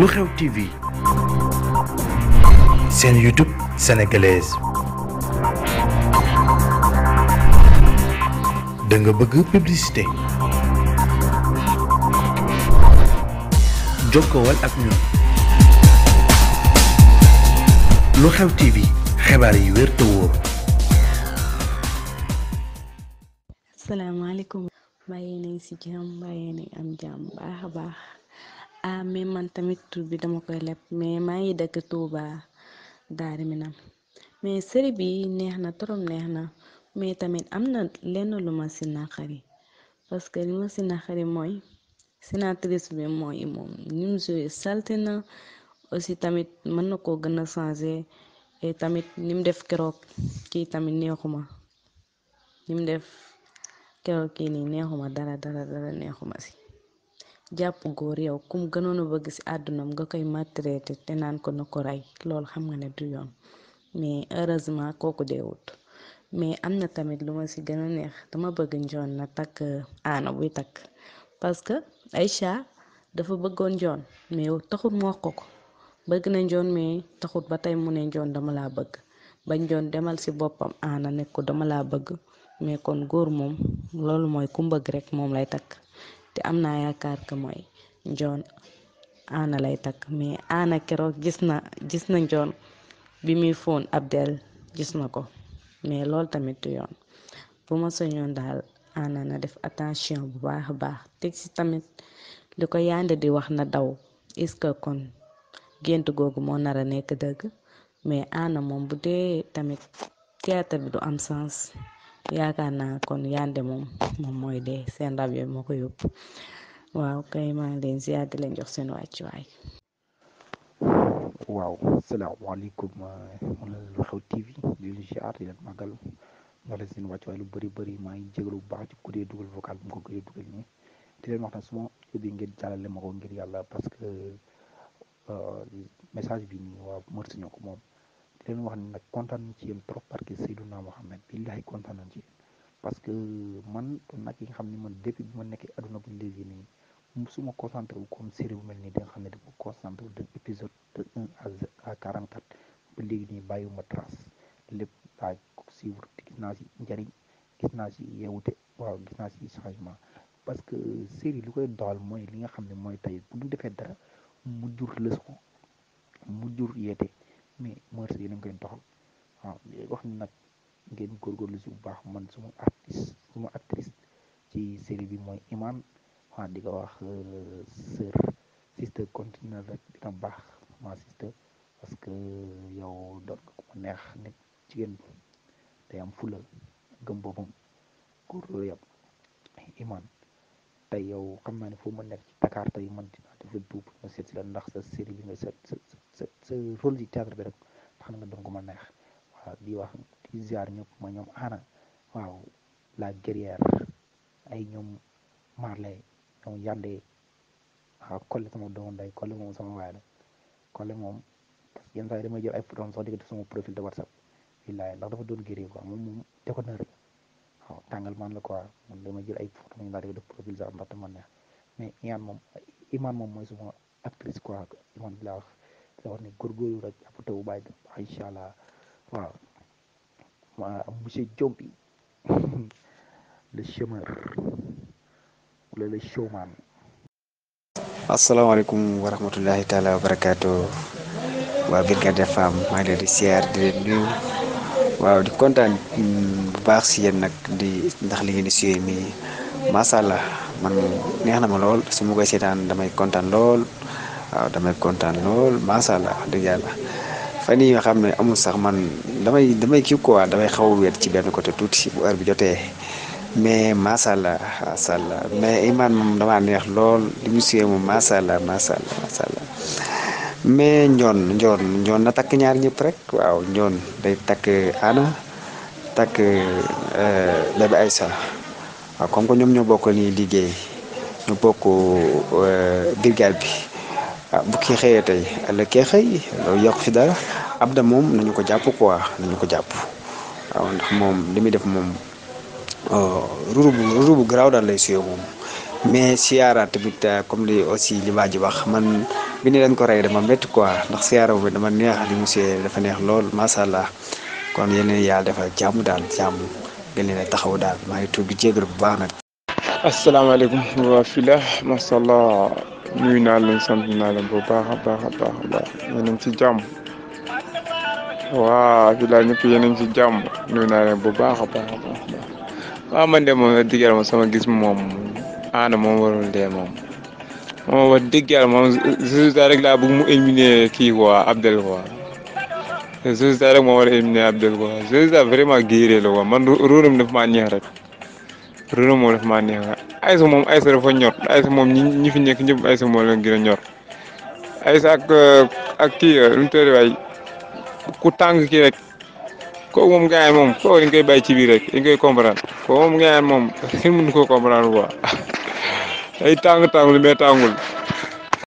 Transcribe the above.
lu xew TV seen YouTube sénégalaise da bëgg publicité jokkowal ak ñun lu xew TV xibaar yi wér te wóor. asalaamaaleykum. mbaa ngi si jàmm mbaa ngi am jàmm baax a baax. ah mais man tamit tur bi dama koy leb mais maa ngi dëkk daari mi Minam mais série bi neex na trop neex na mais tamit am na lenn lu ma si naqari parce que li ma si naqari mooy sénatrice bi mooy moom ni mu salte na aussi tamit mën na koo gën a changé tamit ni mu def keroog kii tamit neexuma ni mu def keroog kii nii neexuma dara dara neexu neexuma si. jàpp góor yow kum gënoon a bëgg ci àddunam nga koy maltraité te naan ko na ko rey loolu xam nga ne du yoon mais heureusement kooku deewut mais am na tamit lu ma ci gën a neex dama bëgg njoon na takk euh, aana buy takk parce que Aïcha dafa bëggoon njoon mais taxut mu wax ko ko bëgg na njoon mais taxut ba tey mu ne njoon dama laa bëgg ba njoon demal ci boppam aana ne dama laa bëgg mais kon góor moom loolu mooy ku mbëgg rekk moom lay takk te am naa yaakaar que mooy njoon aana lay takk mais aana keroog gis na gis na njoon bi muy fóon Abdel gis na ko mais loolu tamit du yoon bu ma soñoon daal aana na def attention bu baax a baax teg si tamit di ko yaande di wax na daw est-ce que kon gént googu moo nar a nekk dëgg mais aana moom bu dee tamit théâtre bi du am sens yaakaar naa kon Yandé moom moom mooy dee seen rab yooyu moo ko kay maa leen ziar di leen jox seen wàccuwaay. waaw salaamaaleykum mu la lu xew TV di leen ziar di seen wàccuwaay lu bëri bëri maa ngi jégalu bu baax ci ku dee dugal vocal bu ko gëjee dugal nii di leen suma yóbbee ngeen jàllale ngir yàlla parce que euh, message bi nii waa Mœurs moom. leen wax ne nag kontaan nañ ci yéen trop parce que Seydouna Mohamed billahi kontaan nañ ci parce que man nag yi nga xam ni man depuis bi ma nekkee aduna bu léegi nii su ma concentré wu comme série bu mel nii di nga xam ne dafa concentré wu de épisode de un à quarante quatre ba léegi nii bàyyi trace ma laa lépp suivre gis naa si njëriñ gis naa si yeewute waaw gis naa si changement parce que série li koy doxal mooy li nga xam ne mooy tey bu ñu defee dara mu jur leçon mu jur yeete mais mœurs yi dañ koy doxal waaw léegi wax ni nag ngeen góorgóorlu si bu baax man suma artiste suma actrice ci série bi mooy Iman waaw di ko wax euh, sœur sister continue rek dina baax ma sister parce que euh, yow doon nga ku neex nit jigéen day am fula gëm boppam góor loolu yàpp Iman tey yow xam naa ne foo mën nekk ci Dakar tey man di def la duub ma seet si la ndax sa série bi nga sa sa sa sa rôle du théâtre bi rek tax na nga doon ko ma neex waaw di wax di ziar ñëpp ma ñoom ana waaw la guerrière ay ñoom Marley ñoom Yandé waaw Collé sama doomu nday Collé moom sama waay la Collé moom parce que yenn saa yi damay jël ay photos sax di ko def sama de WhatsApp billaahi ndax dafa doon guerrier quoi moom moom te xaw tàngal man la quoi man jël ay photo ma ñu daal di def profil sax ndax dama neex mais imaan moom mooy suma actrice quoi imaan bi laa wax wax ne góorgóorlu allah waaw ma monsieur Diop bi le chômeur wala le showman. asalaamaaleykum wa rahmatullahi taala wa barakaatu waa Brigade des Femmes maa di siyaar di leen nuyu. waaw di kontaan mm, bu baax si yéen nag di ndax li ngeen di suyee mi macha allah man neex na ma lool su ma koy seetaan damay kontaan lool waaw damay kontaan lool macha allah dëgg yàlla fan yi nga xam ne amul sax man damay damay kii quoi damay xaw a wéet ci benn côté tuuti bu heure bi jotee mais macha allah macha allah mais imaan damaa neex lool li mu moom macha allah macha allah allah mais ñoon ñoon ñoon na takk ñaar ñëpp rek waaw ñoon day takk Ana takk euh, Bébé Aïssa waaw comme que ñoom ñoo bokk nii liggéey ñu bokk euh, brigade bi ah kii xëyee tey ëllëg kee xëy loolu yokk fi dara Abda moom nañu ko jàpp quoi nañu ko jàpp waaw ndax moom li muy def moom euh, ruru bu ruru bu garaaw daal lay suyoo moom mais siyaara tamit comme li aussi li waa ji wax man. bi ni leen ko rey dama métti quoi ndax siyaara bi dama neex li monsieur dafa neex lool macha kon yeneen yàlla defal jàmm daal jàmm gën a taxaw daal maa ngi tuub di bu baax nag. asalaamaaleykum wa fila macha naa leen sant bu baax a baax a baax a baax yéen a ngi ci jàmm a bu baax a baax a baax waaw man de moom la digal sama gis moom aana moom warul dee moom. moom wax dëgg moom Zouzou rek la bëgg mu éliminer kii quoi Abdel quoi Zouzou rek moo war a Abdel quoi Zouzou vraiment géeree la quoi man ruuram dafa maa neex rek ruuram moom dafa maa neex rek Aïssa moom Aïssa dafa ñor Aïssa moom ñi ñi fi nekk ñëpp a ñor Aïssa ak ki kii lu mu ku tàng ki rek ko mom gars yi moom kooku dañ koy bàyyi ci biir rek dañ koy comprendre kooku moom gars yi moom kenn ko day tàng tàng mais tàngul.